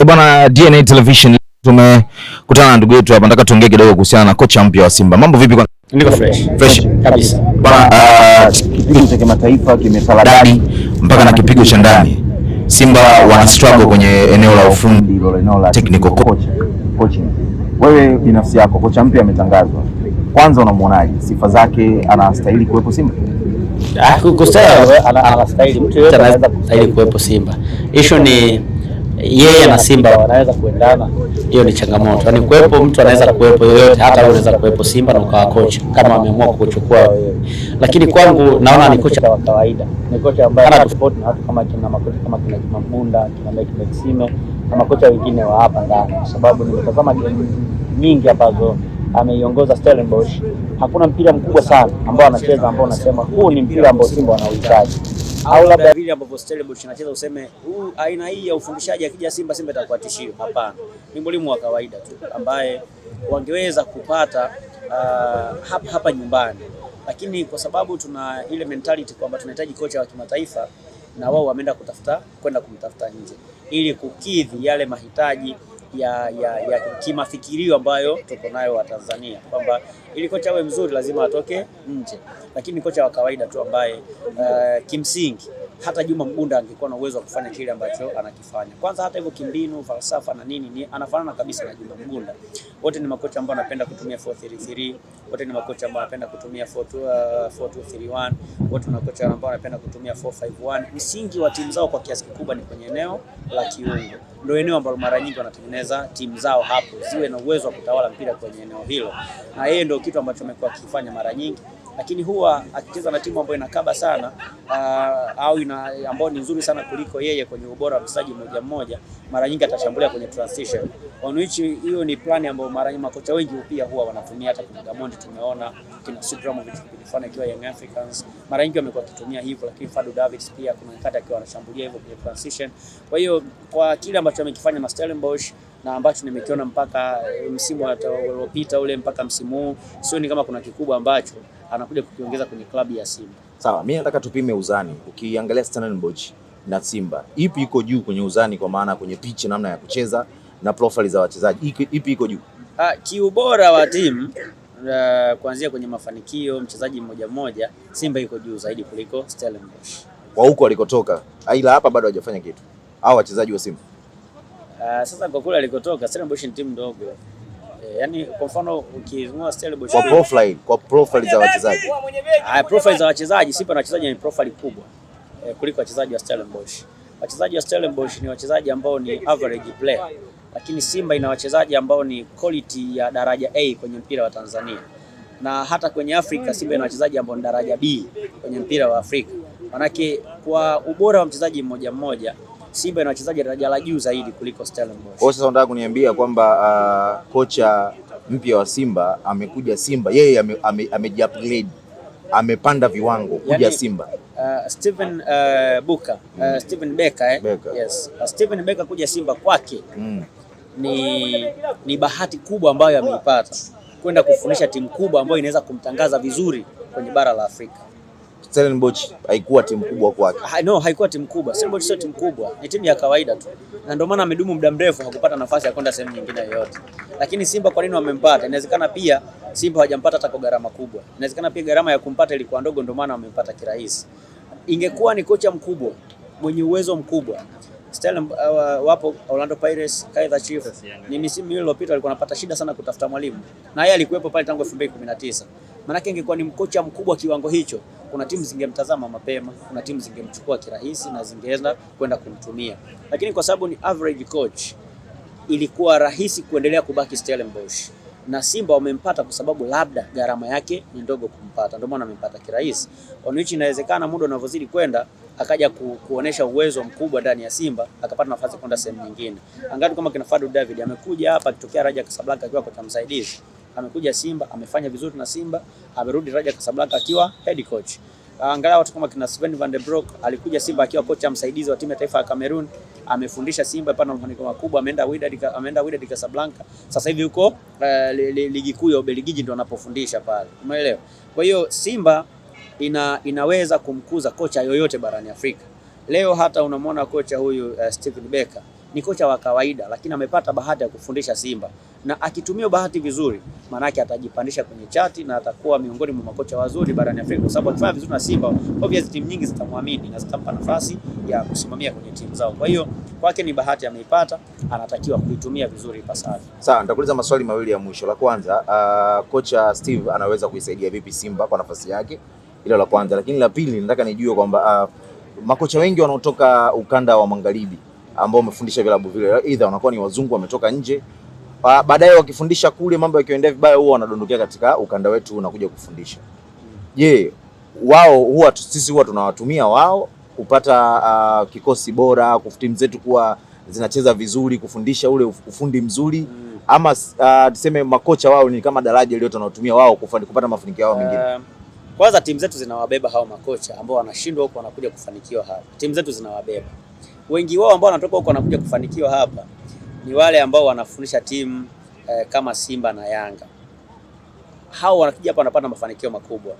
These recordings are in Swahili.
Eh, bwana DNA Television tumekutana na ndugu yetu hapa, nataka tuongee kidogo kuhusiana na kocha mpya wa Simba. Mambo vipi? Niko fresh. Fresh kabisa. Bwana eh, kipigo cha kimataifa kimetaladadi mpaka na kipigo cha ndani. Simba wana struggle kwenye eneo la ufundi, eneo la technical coaching. Wewe binafsi yako, kocha mpya ametangazwa, kwanza unamwonaje? Sifa zake, anastahili kuwepo Simba? Ah, kukosea anastahili mtu yote anaweza kustahili kuwepo Simba. Issue ni yeye na Simba wanaweza kuendana, hiyo ni changamoto. Yaani kuwepo mtu anaweza kuwepo yoyote, hata wewe unaweza kuwepo Simba na ukawa kocha kama ameamua kuchukua wewe, lakini kwangu naona ni kocha wa kawaida, ni kocha ambaye ana support na watu kama kina makocha kama kina Juma Mgunda, kina Mike Maxime na makocha wengine wa hapa ndani, kwa sababu nimetazama game nyingi ambazo ameiongoza Stellenbosch, hakuna mpira mkubwa sana ambao anacheza ambao unasema huu ni mpira ambao Simba wanauhitaji au labda vile ambavyo Stellenbosch anacheza useme huu aina hii ya ufundishaji akija Simba, Simba itakuwa tishio. Hapana, ni mwalimu wa kawaida tu ambaye wangeweza kupata uh, ah, hapa, hapa nyumbani, lakini kwa sababu tuna ile mentality kwamba tunahitaji kocha wa kimataifa na wao wameenda kutafuta kwenda kumtafuta nje ili kukidhi yale mahitaji ya, ya, ya kimafikirio ambayo tuko nayo wa Tanzania kwamba ili kocha awe mzuri lazima atoke nje, lakini kocha wa kawaida tu ambaye uh, kimsingi hata Juma Mgunda angekuwa na uwezo wa kufanya kile ambacho anakifanya. Kwanza hata hivyo kimbinu, falsafa na nini ni anafanana kabisa na Juma Mgunda. Wote ni makocha ambao wanapenda kutumia 433, wote ni makocha ambao wanapenda kutumia 4231, uh, wote ni makocha ambao wanapenda kutumia 451. Msingi wa timu zao kwa kiasi kikubwa ni kwenye eneo la kiungo, ndio eneo ambalo mara nyingi wanatengeneza timu zao hapo, ziwe na uwezo wa kutawala mpira kwenye eneo hilo, na yeye ndio kitu ambacho amekuwa akifanya mara nyingi lakini huwa akicheza na timu ambayo inakaba sana uh, au ina ambayo ni nzuri sana kuliko yeye kwenye ubora wa mchezaji mmoja mmoja, mara nyingi atashambulia kwenye transition Onuichi, hiyo ni plani ambayo mara nyingi makocha wengi pia huwa wanatumia. Hata kwenye Gamondi tumeona kina Subramovic kilifanya ikiwa Young Africans, mara nyingi wamekuwa wakitumia hivyo, lakini Fadu Davids pia kuna nyakati akiwa anashambulia hivyo kwenye transition. Kwa hiyo kwa kile ambacho amekifanya na Stellenbosch na ambacho nimekiona mpaka eh, msimu uliopita ule mpaka msimu huu, sio ni kama kuna kikubwa ambacho anakuja kukiongeza kwenye klabu ya Simba. Sawa, mimi nataka tupime uzani. Ukiangalia Stellenbosch na Simba, ipi iko juu kwenye uzani, kwa maana kwenye pichi, namna ya kucheza na profile za wachezaji, ipi iko juu ah, kiubora wa timu? Uh, ah, kuanzia kwenye mafanikio mchezaji mmoja mmoja, Simba iko juu zaidi kuliko Stellenbosch kwa huko alikotoka, ila hapa bado hajafanya kitu, au wachezaji wa Simba. Uh, sasa kwa kule alikotoka Stellenbosch ni timu ndogo Eh, yani kwa mfano ukiinua Stellenbosch kwa profile kwa profile za wachezaji haya, profile za wachezaji Simba na wachezaji ni profile kubwa eh, kuliko wachezaji wa Stellenbosch. Wachezaji wa Stellenbosch ni wachezaji ambao ni average player, lakini Simba ina wachezaji ambao ni quality ya daraja A kwenye mpira wa Tanzania na hata kwenye Afrika Simba ina wachezaji ambao ni daraja B kwenye mpira wa Afrika, manake kwa ubora wa mchezaji mmoja mmoja Simba ina wachezaji daraja la juu zaidi kuliko Stellenbosch. Wewe sasa unataka kuniambia kwamba uh, kocha mpya wa Simba amekuja Simba yeye ame, ame, amepanda viwango kuja yani, Simba uh, Steven uh, Buka uh, mm. uh, Steven Beka eh? Beka. Yes. Uh, Steven Beka kuja Simba kwake mm. ni, ni bahati kubwa ambayo ameipata kwenda kufundisha timu kubwa ambayo inaweza kumtangaza vizuri kwenye bara la Afrika. Stellenbosch haikuwa timu kubwa kwake. Ha, no, haikuwa timu kubwa. Stellenbosch sio timu kubwa, ni timu ya kawaida tu, na ndio maana amedumu muda mrefu, hakupata nafasi ya kwenda sehemu nyingine yoyote. Lakini Simba kwa nini wamempata? Inawezekana pia Simba hawajampata hata kwa gharama kubwa, inawezekana pia gharama ya kumpata ilikuwa ndogo, ndio maana wamempata kirahisi. Ingekuwa ni kocha mkubwa mwenye uwezo mkubwa Stellen, uh, wapo Orlando Pirates, Kaizer Chiefs. Ni misimu hiyo iliyopita alikuwa anapata shida sana kutafuta mwalimu na yeye alikuwepo pale tangu 2019. Maana yake ingekuwa ni mkocha mkubwa kiwango hicho kuna timu zingemtazama mapema, kuna timu zingemchukua kirahisi na zingeenda kwenda kumtumia, lakini kwa sababu ni average coach, ilikuwa rahisi kuendelea kubaki Stellenbosch na Simba wamempata kwa sababu labda gharama yake ni ndogo kumpata, ndio maana amempata kirahisi. On inawezekana muda unavyozidi kwenda akaja ku, kuonesha uwezo mkubwa ndani ya Simba akapata nafasi kwenda sehemu nyingine. Angalau kama kina Fadu David amekuja hapa akitokea Raja Casablanca akiwa kwa msaidizi amekuja Simba, amefanya vizuri na Simba, amerudi Raja Casablanca akiwa head coach. Ah, Angalia watu kama kina Sven van der Broek alikuja Simba akiwa kocha msaidizi wa timu ya taifa ya Cameroon, amefundisha Simba pana mafanikio makubwa, ameenda Wydad, ameenda Wydad Casablanca. Sasa hivi huko uh, eh, ligi kuu ya Ubelgiji ndio anapofundisha pale. Umeelewa? Kwa hiyo Simba ina, inaweza kumkuza kocha yoyote barani Afrika. Leo hata unamwona kocha huyu uh, Steven Becker ni kocha wa kawaida, lakini amepata bahati ya kufundisha Simba na akitumia bahati vizuri, maanake atajipandisha kwenye chati na atakuwa miongoni mwa makocha wazuri barani Afrika, kwa sababu akifanya vizuri na Simba, obviously timu nyingi zitamwamini na zitampa nafasi ya kusimamia kwenye timu zao. Kwa hiyo kwake ni bahati ameipata, anatakiwa kuitumia vizuri ipasavyo. Sawa, nitakuuliza maswali mawili ya mwisho. La kwanza, uh, kocha Steve anaweza kuisaidia vipi Simba kwa nafasi yake? Hilo la kwanza, lakini la pili nataka nijue kwamba uh, makocha wengi wanaotoka ukanda wa magharibi ambao wamefundisha vilabu vile, either wanakuwa ni wazungu wametoka nje, baadaye wakifundisha kule mambo yakiendea vibaya, huwa wanadondokea katika ukanda wetu na kuja kufundisha. Je, wao huwa sisi huwa tunawatumia wao kupata uh, kikosi bora, timu zetu kuwa zinacheza vizuri, kufundisha ule ufundi mzuri mm. ama uh, tuseme makocha wao ni kama daraja lile tunaotumia wao kufani, kupata mafanikio yao mengine um, kwanza timu zetu zinawabeba hao makocha ambao wanashindwa huko wanakuja kufanikiwa hapa, timu zetu zinawabeba wengi wao ambao wanatoka huko wanakuja kufanikiwa hapa ni wale ambao wanafundisha timu eh, kama Simba na Yanga. Hao wanakuja hapa wanapata mafanikio makubwa.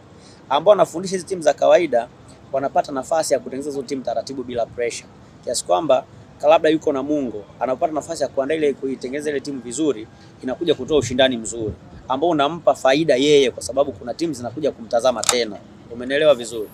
Ambao wanafundisha hizi timu za kawaida wanapata nafasi ya kutengeneza hizo timu taratibu bila pressure, kiasi kwamba labda yuko na Mungu anapata nafasi ya kuandaa ile kuitengeneza ile timu vizuri, inakuja kutoa ushindani mzuri ambao unampa faida yeye, kwa sababu kuna timu zinakuja kumtazama tena. Umenielewa vizuri?